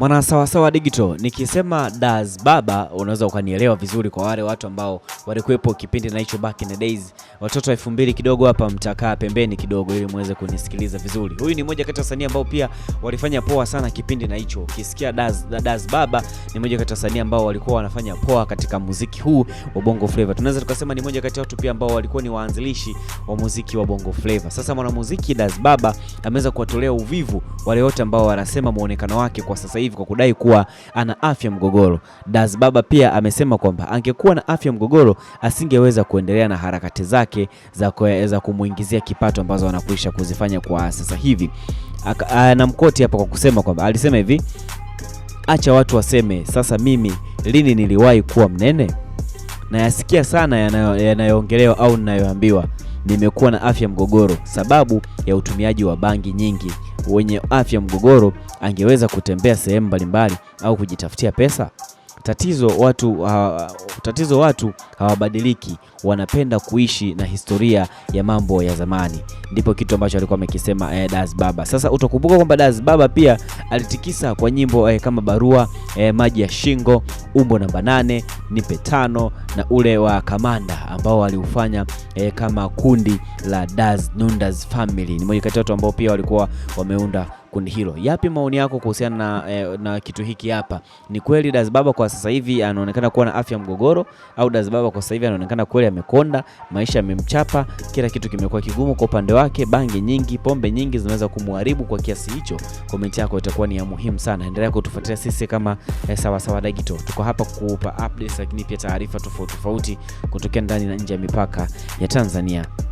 Mwana sawasawa digital, nikisema Daz Baba unaweza ukanielewa vizuri. Kwa wale watu ambao walikuwepo kipindi na hicho back in the days, watoto elfu mbili kidogo hapa mtakaa pembeni kidogo, ili muweze kunisikiliza vizuri. Huyu ni mmoja kati ya wasanii ambao pia walifanya poa sana kipindi na hicho. Ukisikia Daz, Daz Baba ni mmoja kati ya wasanii ambao walikuwa wanafanya poa katika muziki huu wa Bongo Flava. Tunaweza tukasema ni mmoja kati ya watu pia ambao walikuwa ni waanzilishi wa muziki wa Bongo Flava. Sasa mwanamuziki Daz Baba ameweza kuwatolea uvivu wale wote ambao wanasema muonekano wake kwa sasa hivi hivi kwa kudai kuwa ana afya mgogoro. Daz Baba pia amesema kwamba angekuwa na afya mgogoro asingeweza kuendelea na harakati zake za kuweza kumwingizia kipato ambazo anakuisha kuzifanya kwa sasa hivi. mkoti hapa kwa kusema kwamba alisema hivi, acha watu waseme, sasa mimi lini niliwahi kuwa mnene? Nayasikia sana yanayoongelewa au ninayoambiwa nimekuwa na afya mgogoro sababu ya utumiaji wa bangi nyingi. Wenye afya mgogoro angeweza kutembea sehemu mbalimbali au kujitafutia pesa? Tatizo watu, uh, tatizo watu hawabadiliki, wanapenda kuishi na historia ya mambo ya zamani. Ndipo kitu ambacho alikuwa amekisema eh, Daz Baba. Sasa utakumbuka kwamba Daz Baba pia alitikisa kwa nyimbo eh, kama barua eh, maji ya shingo, umbo namba nane nipe tano na ule wa Kamanda ambao waliufanya eh, kama kundi la Daz Nundas Family. Ni moja kati ya watu ambao pia walikuwa wameunda kundi hilo. Yapi maoni yako kuhusiana na, eh, na kitu hiki hapa? Ni kweli Baba kwa sasa hivi anaonekana kuwa na afya mgogoro, au Baba kwa sasa hivi anaonekana kweli amekonda, maisha yamemchapa, kila kitu kimekuwa kigumu kwa upande wake, bangi nyingi, pombe nyingi zinaweza kumharibu kwa kiasi hicho? Comment yako itakuwa ni ya muhimu sana. Endelea kutufuatilia sisi kama eh, sawa Digital, tuko hapa kukupa updates, lakini pia taarifa tofauti tofauti kutokea ndani na nje ya mipaka ya Tanzania.